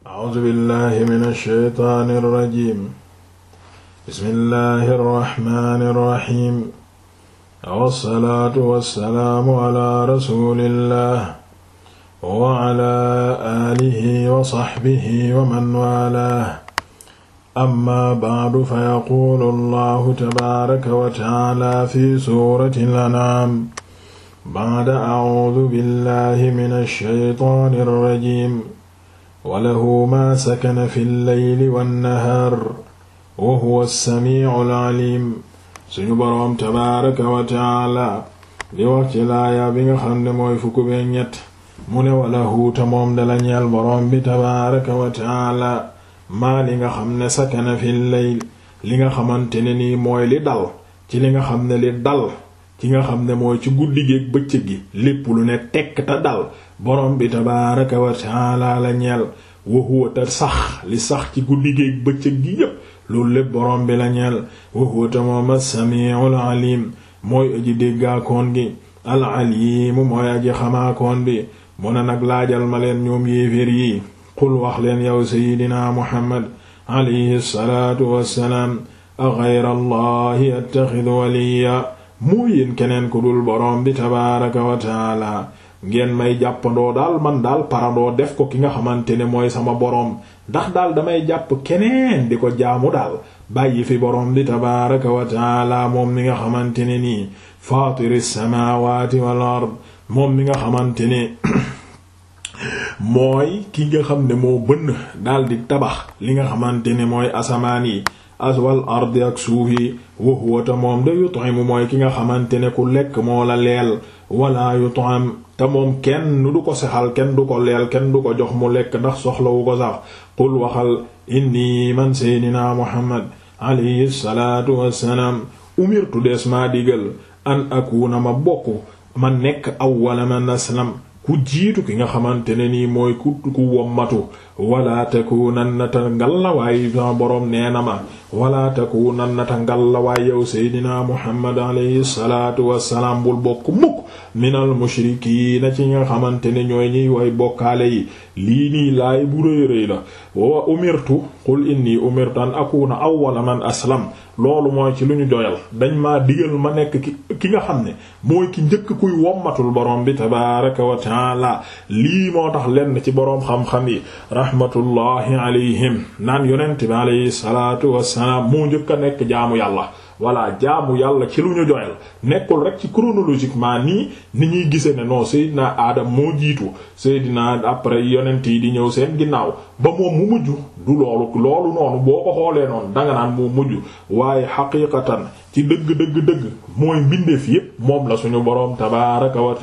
A'uuzu billaahi mina shaytaani rajiim. Bismillaahi rahmaani rahiim. Wassalaatu wassalaamu ala rasuulillaah wa ala aalihi wa sahbihi wa man waalaah. Amma ba'du fa yaquulu Allaahu tabaaraka wa ta'aalaa fi suuratil an'aam. Ba'da a'uuzu billaahi mina shaytaani rajiim. walahu maa sakana fi wannahaar wa huwa samiicu alalim suñu boroom tabaaraka ci laaya nga xam ne mooy fukk bee ñett mu ne walahu ta moom dala ñeel boroom bi tabaaraka wa maa li nga xam ne sakana fi li nga xamante ne nii mooy li ci li nga xam ne li ci nga xam ne mooy ci guddi gi bëccëg gi lépp lu ne tekk te dal borom bi tabaaraka wa ta'aala la ñeel wa huwa te sax li sax ci guddi gi bëccëg gi yépp loolu lépp borom bi la ñeel wa huwa te moom as-sami'ul alim mooy aji déggaakoon gi al mooy aji xamaakoon bi mu ne nag laajal ma leen ñoom yéefér yi qul wax leen yow seydina muhammad alayhi salaatu wassalaam a ghayra allahi waliya moo yéen keneen ku dul borom bi tabaaraka wa taala ngeen may jàppandoo daal man daal parandoo def ko ki nga xamante ne mooy sama borom ndax daal damay jàpp keneen di ko jaamu daal bàyyi fi borom bi tabaaraka wa taala moom mi nga xamante ne nii faatiri samaawaati wal moom mi nga xamante ne mooy ki nga xam ne moo bënn daal di tabax li nga xamante ne mooy asamaan yi aswal ardi ak suuf yi wa huwa ta moom de yut'imu mooy ki nga xamante ne ku lekk moo la leel wala yut'am te moom kenn du ko sexal kenn du ko leel kenn du ko jox mu lekk ndax soxlawu ko sax qul waxal inni man seydinaa muhammad alayhi salaatu wassalaam umirtu des maa digal an akuna ma bokk ma nekk awwala man aslam ku jiitu ki nga xamante ne nii mooy ku ku wommatu wala takuunanna ta ngallawaay sa boroom nee na ma wala takuunanna ta ngallawaay yow seydinaa muhammad alayhi salaatu wassalaam bul bokk mukk minal mushrikiina ci nga xamante ne ñooy ñiy way bokkaale yi lii nii laay bu rëy rëy la wa umirtu qul inni umirtu an akuna awwala man aslam loolu mooy ci lu ñu doyal dañ maa digal ma nekk ki nga xam ne mooy ki njëkk kuy wommatul borom bi tabaaraka wa taala lii moo tax lenn ci boroom xam-xam yi rahmatullahi alayhim naan yonent bi alayhi salaatu wassalaam moo njëkk a nekk jaamu yàlla voilà jaamu yàlla ci lu ñu joyal nekkul rek ci chronologiquement nii ni ñuy gisee ne non Seydina Adam moo jiitu Seydina après yonent yi di ñëw seen ginnaaw ba moom mu mujj du loolu loolu noonu boo ko xoolee noon danga naan moo mujj waaye xaqiiqatan ci dëgg dëgg dëgg mooy mbindeef yépp moom la suñu boroom tabaaraka wa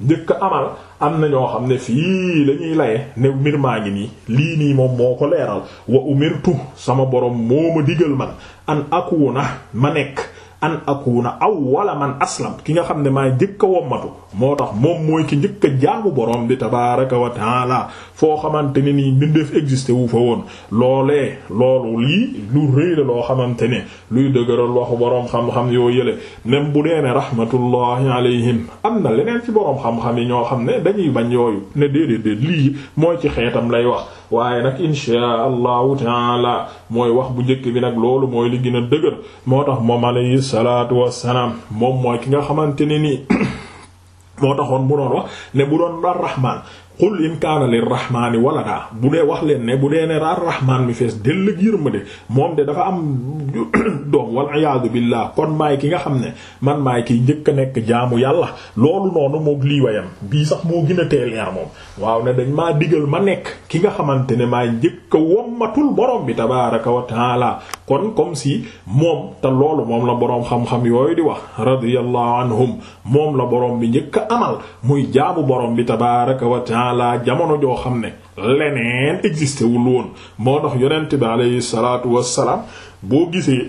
njëkk amal am na ñoo xam ne fii la laye ne mbir maa ngi nii lii nii moom moo ko leeral wa umirtu sama boroom moo ma digal man an akuuna ma nekk an aw walla man aslam ki nga xam ne maa njëkk a wommatu moo tax moom mooy ci njëkk a jaamu boroom bi tabaaraka wa taala foo xamante ne nii mbindeef existé wu fa woon loolee loolu lii lu loo xamante ne luy dëgëral waxu boroom xam-xam yoo yële même bu dee ne rahmatullahi alayhim am na leneen ci boroom xam-xam yi ñoo xam ne dañuy bañ yooyu ne déedéet lii mooy ci xeetam lay wax. waaye nag inshaa allahu taala mooy wax bu njëkk bi nag loolu mooy li a dëgër moo tax moom alayhi salaatu wassalaam moom mooy ki nga xamante ne nii moo taxoon bu doon wax ne bu doon ar qul in kaana lirrahmaani walada bu dee wax leen ne bu dee ne ar rahmaan mi fees dell ak de moom de dafa am doom wal iyaadu billah kon maay ki nga xam ne man maay kiy njëkk a nekk jaamu yàlla loolu noonu moog lii wayam bii sax moo gën a teeleer moom waaw ne dañ maa digal ma nekk ki nga xamante ne maay njëkk a wommatul boroom bi tabaraka wa taala kon comme si moom te loolu moom la boroom xam-xam yooyu di wax radiyallahu anhum moom la borom bi njëkk a amal muy jaamu borom bi tabaraka wa taala jamono joo xam ne leneen existé moo tax yonent bi aleyhi salaatu wassalaam boo gisee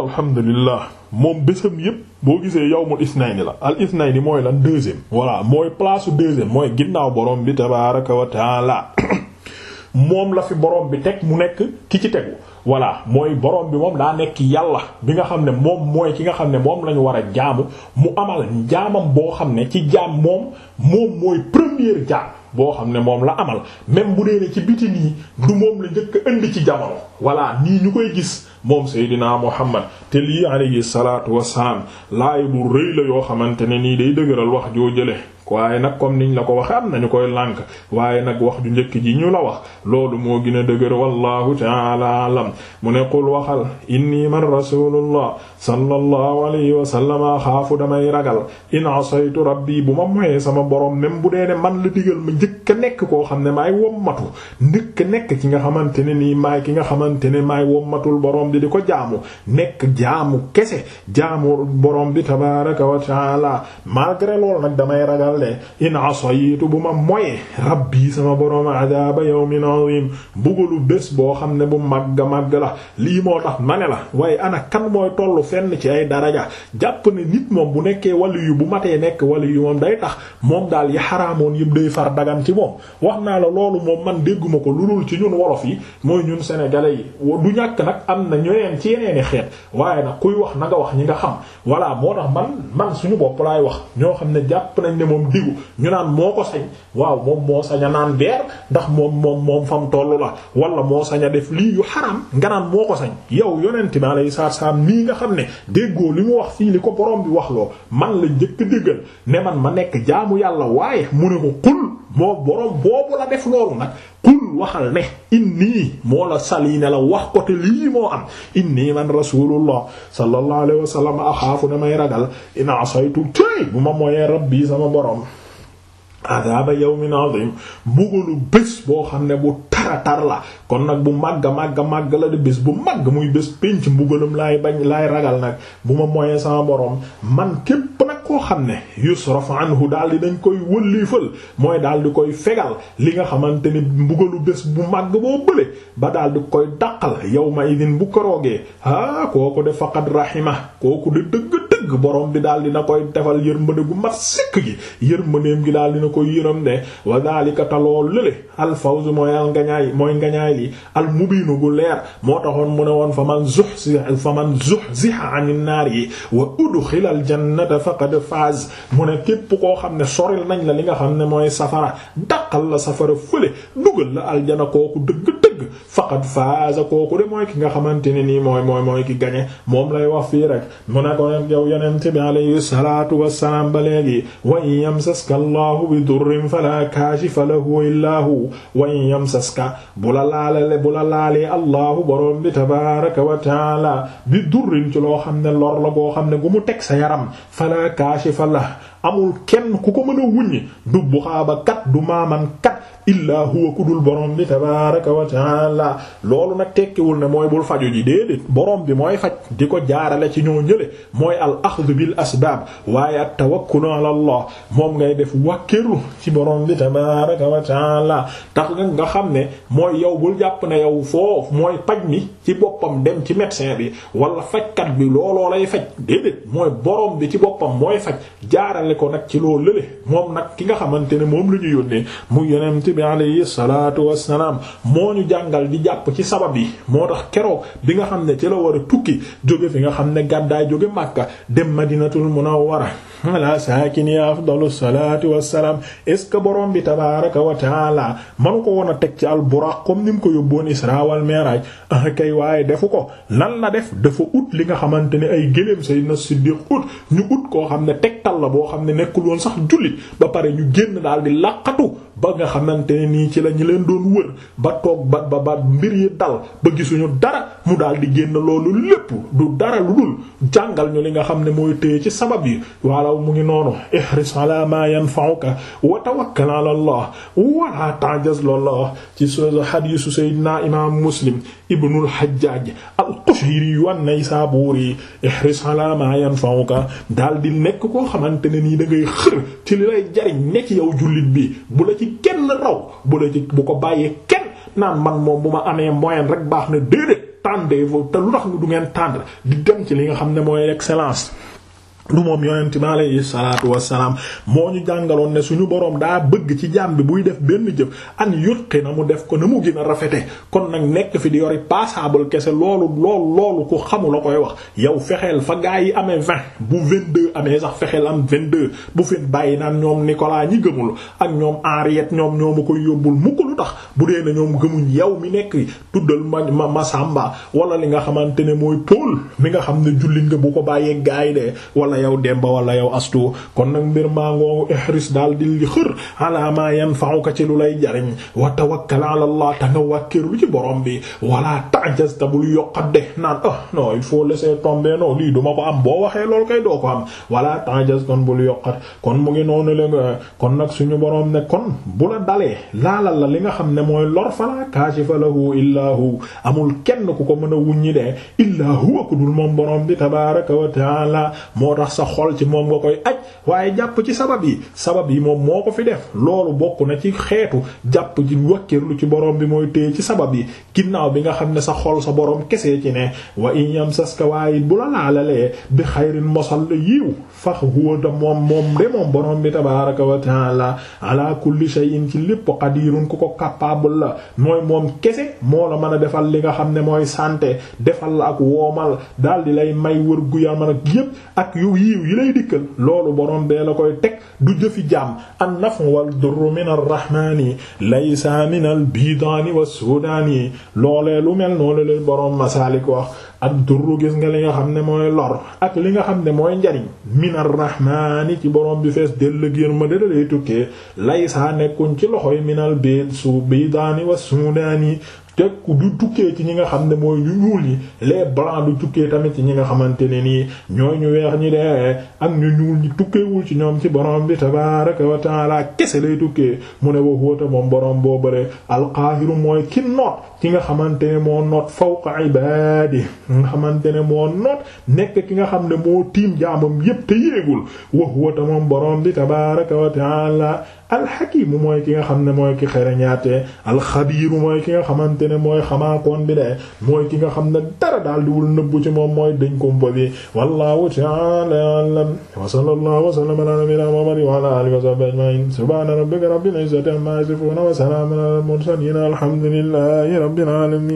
alhamdulillah moom bésam yépp boo gisee yawmul isnayni la al isnayni mooy lan deuxième voilà mooy place su mooy ginnaaw borom bi tabaaraka wa moom la fi borom bi teg mu nekk ki ci tegu voilà mooy borom bi moom daa nekk yàlla bi nga xam ne moom mooy ki nga xam ne moom lañu war a jaamu mu amal jaamam boo xam ne ci jaam moom moom mooy première jaam boo xam ne moom la amal même bu dee ne ci biti nii du moom la njëkk a indi ci jamono voilà nii ñu koy gis moom Seydina Muhammad te lii alayhi salaatu wassalaam laay bu rëy la yoo xamante ne nii day dëgëral wax joo jële waaye nag comme niñ la ko waxee am nañu koy lànk waaye nag wax ju njëkk ji ñu la wax loolu moo gin a dëgër wallahu taala mu ne qul waxal inni man rasulullah sallallahu alayhi wa sallam xaafu damay ragal in asaytu rabbi bu ma moyee sama borom même bu dee ne man la digal ma njëkk a nekk koo xam ne maay wommatu njëkk nekk ki nga xamante ne nii maay ki nga xamante ne maay wommatul borom bi di ko jaamu nekk jaamu kese jaamu borom bi tabaraka wa taala malgré loolu nag damay ragal dogalee in asaytu bu ma moyee rabbi sama boroom adaba yawmin azim lu bés boo xam ne bu màgg màgg la lii moo tax ma ne la waaye ana kan mooy tollu fenn ci ay daraja jàpp ne nit moom bu nekkee wali yu bu matee nekk wali yu moom day tax moom daal yi xaraamoon yëpp day far dagan ci moom wax naa la loolu moom man dégguma ko lu dul ci ñun wolof yi mooy ñun sénégalais yi du ñàkk nag am na ñeneen ci yeneeni xeet waaye nag kuy wax na nga wax ñi nga xam voilà moo tax man man suñu bopp laay wax digu ñu naan moo ko sañ waaw moom moo sañ naan beer ndax moom moom fa mu tollu la wala moo saña def lii yu xaram nga naan moo ko sañ yow yonent bi alayhi salaam nii nga xam ne déggoo li mu wax fii li ko borom bi wax loo man la njëkk déggal ne man ma nekk jaamu yàlla waaye mu ne ko qul moo borom boobu la def loolu nag qul waxal ne innii moo la sali ne la wax ko te lii moo am innii man rasulullah sallallahu alayhi wa sallam axaafu damay ragal in boroom adaba yawmin azim mbugalu bés boo xam ne bu taratar la kon nag bu màgg màgg màgg la de bés bu màgg muy bés pénc mbugalum laay bañ laay ragal nag bu ma moyee sama boroom man képp nag koo xam ne yusraf anhu daal di dañ koy wëlliifal mooy daal di koy fegal li nga xamante ni mbugalu bés bu màgg boo bële ba daal di koy dàqal yawma idin bu ko roogee ah kooku de faqad rahima kooku de dëgg dëgg borom bi daal dina koy defal yërmande gu mat sëkk gi yërmandeem gi daal dina koy yëram de wa daalika ta lool lële al fawz mooy al ngañaay mooy ngañaay li al mubinu gu leer moo taxoon mu ne woon fa man zuhziha fa naar yi wa udxila al jannata faqad faaz mu ne képp koo xam ne soril nañ la li nga xam ne mooy safara daqal la safara fële dugal la aljana kooku dëgg faqad faaza kooku de mooy ki nga xamante ne nii mooy mooy mooy ki gañe moom lay wax fii rek mu ne ko yow yonent bi alayhi wassalaam ba léegi wa in yamsaska allahu bi durrin fala kaashifa lahu illaa hu wa in yamsaska bu la laalale bu la laalee allahu boroom bi tabaaraka wa taala bi durrin ci loo xam ne lor la boo xam ne gu mu teg sa yaram fala kaashifa lahu amul kenn ku ko mën wuññi du buxaaba kat du maaman kat illaa huwa ku dul borom bi tabaaraka wa taala loolu nag tekkiwul ne mooy bul faju ji déedéet borom bi mooy faj di ko jaarale ci ñoo ñële mooy al axdu bil asbaab waaye at tawakkulu ala allah moom ngay def wàkkeeru ci borom bi tabaaraka wa taala tax nga nga xam ne mooy yow bul jàpp ne yow foofu mooy paj mi ci boppam dem ci médecin bi wala fajkat bi looloo lay faj déedéet mooy borom bi ci boppam mooy faj jaarale ko nag ci loolu lële moom nag ki nga xamante ne moom la ñu yónnee yonent bi alayhi moo ñu jàngal di jàpp ci sabab yi moo tax keroog bi nga xam ne ci la war a tukki jóge fi nga xam ne gàddaay jóge Makka dem ma dinatul a war a Munawwara ala saakini afdalu salaati wassalaam est-ce que borom bi tabaaraka wa taala manu ko woon a teg ci al buraq comme ni mu ko yóbboon Isra wal Mi'raj ah, kay waaye defu ko lan la def dafa ut li nga xamante ne ay gëléem Sayyidina Siddiq ut ñu ut koo xam ne tegtal la boo xam ne nekkul woon sax jullit ba pare ñu génn daal di laqatu ba nga xamante ne nii ci la ñu leen doon wër ba toog ba ba ba mbir yi dal ba gisuñu dara mu daal di génn loolu lépp du dara lu dul jàngal ñu li nga xam ne mooy téye ci sabab yi walla mu ngi noonu ihris ala ma yanfa'uka wa tawakkal ala allah wala ta'jaz lillah ci hadiisu sayyidina imam muslim ibnul hajjaj al-qushayri an yi ihris ala ma yanfa'uka dal di nekk koo xamante ne nii da ngay xër ci li lay jariñ nekk yow jullit bi bu la ci kenn raw bu la ci bu ko bàyyee kenn naan man moom bu ma amee moyen rek baax na déedéet tànde te lu tax du ngeen tànd di dem ci li nga xam ne mooy excellence du moom yonent bi alayhi salaatu wassalaam moo ñu jàngaloon ne suñu boroom daa bëgg ci jaam bi buy def benn jëf an yutqi na mu def ko ne mu gën a rafete kon nag nekk fi di yori passable kese loolu lool loolu ku xamu la koy wax yow fexeel fa gaa yi amee vingt bu vingt-deux amee sax fexeel am vingt-deux bu fen bàyyi naan ñoom Nicolas ñi gëmul ak ñoom Henriette ñoom ñoomu koy yóbbul mukk tax bu dee ne ñoom gëmuñ yow mi nekk tuddal ma masamba wala li nga xamante ne mooy Paul mi nga xam ne jullit nga bu ko bàyyee gaay de wala yow Demba wala yow Astu kon nag mbir maa ngoogu ihris daal di li xër yan ma yanfa'uka ci lu lay jariñ wa tawakkal ala Allah ta nga wàkkeerlu ci borom bi wala ta'jaz tabul yokkat de naan ah non il faut laisser tomber non lii duma ko am boo waxee lool kay doo ko am wala ta'jaz kon bul yokkat kon mu ngi noonu nga xam ne mooy lor fala kaashifa lahu illaa hu amul kenn ku ko mën a wuññi de illaa huwa ku dul moom borom bi tabaaraka wa taala moo tax sa xol ci moom nga koy aj waaye jàpp ci sabab yi sabab yi moom moo ko fi def loolu bokk na ci xeetu jàpp ci wakkirlu ci borom bi mooy téye ci sabab yi ginnaaw bi nga xam ne sa xol sa borom kese ci ne wa in yamsaska waaye bu la laalalee bi xayrin mosal la yiiw fax huwa da moom moom borom bi tabaaraka wa ala kooku capable la mooy moom kese moo la mën a defal li nga xam ne mooy sante defal la ak woomal dal di lay may wër gu yaram ak yépp ak yu yiw yi lay dikkal loolu borom bee la koy teg du jëfi jaam an nafu wal durru min arrahmaani laysa min al bidaani wa sudaani loolee lu mel noonu leen borom masaalik wax ak durru gis nga li nga xam ne mooy lor ak li nga xam ne mooy njariñ minar rahmaani ci borom bi fees dell giir ma dëdalay tukkee lay saa nekkuñ ci loxo loxoy minal biid su biidaani wa suudaani te du tukkee ci ñi nga xam ne mooy ñu ñuul yi les blancs du tukkee tamit ci ñi nga xamante ne nii ñooy ñu weex ñi dee ak ñu ñuul ñi tukkeewul ci ñoom ci borom bi tabaaraka wa taala kese lay tukkee mu ne wa huwa moom borom boo bëre alqaahiru mooy ki noot ki nga xamante ne moo noot fawqa ibaadi nga xamante ne moo noot nekk ki nga xam ne moo tiim jaamam yépp te mooy ki xereñaate alxabiiru mooy ki nga xamante ne mooy xamaakoon bi de mooy ki nga xam ne dara daal di wul nëbbu ci moom mooy dañ ko mbob yi wallahu ta'ala a'lam wa sallallahu wa sallama ala nabiyyina muhammadin wa ala alihi wa sahbihi ajma'in subhana rabbika rabbil izzati amma yasifun wa salamun ala al mursalin alhamdulillahi rabbil alamin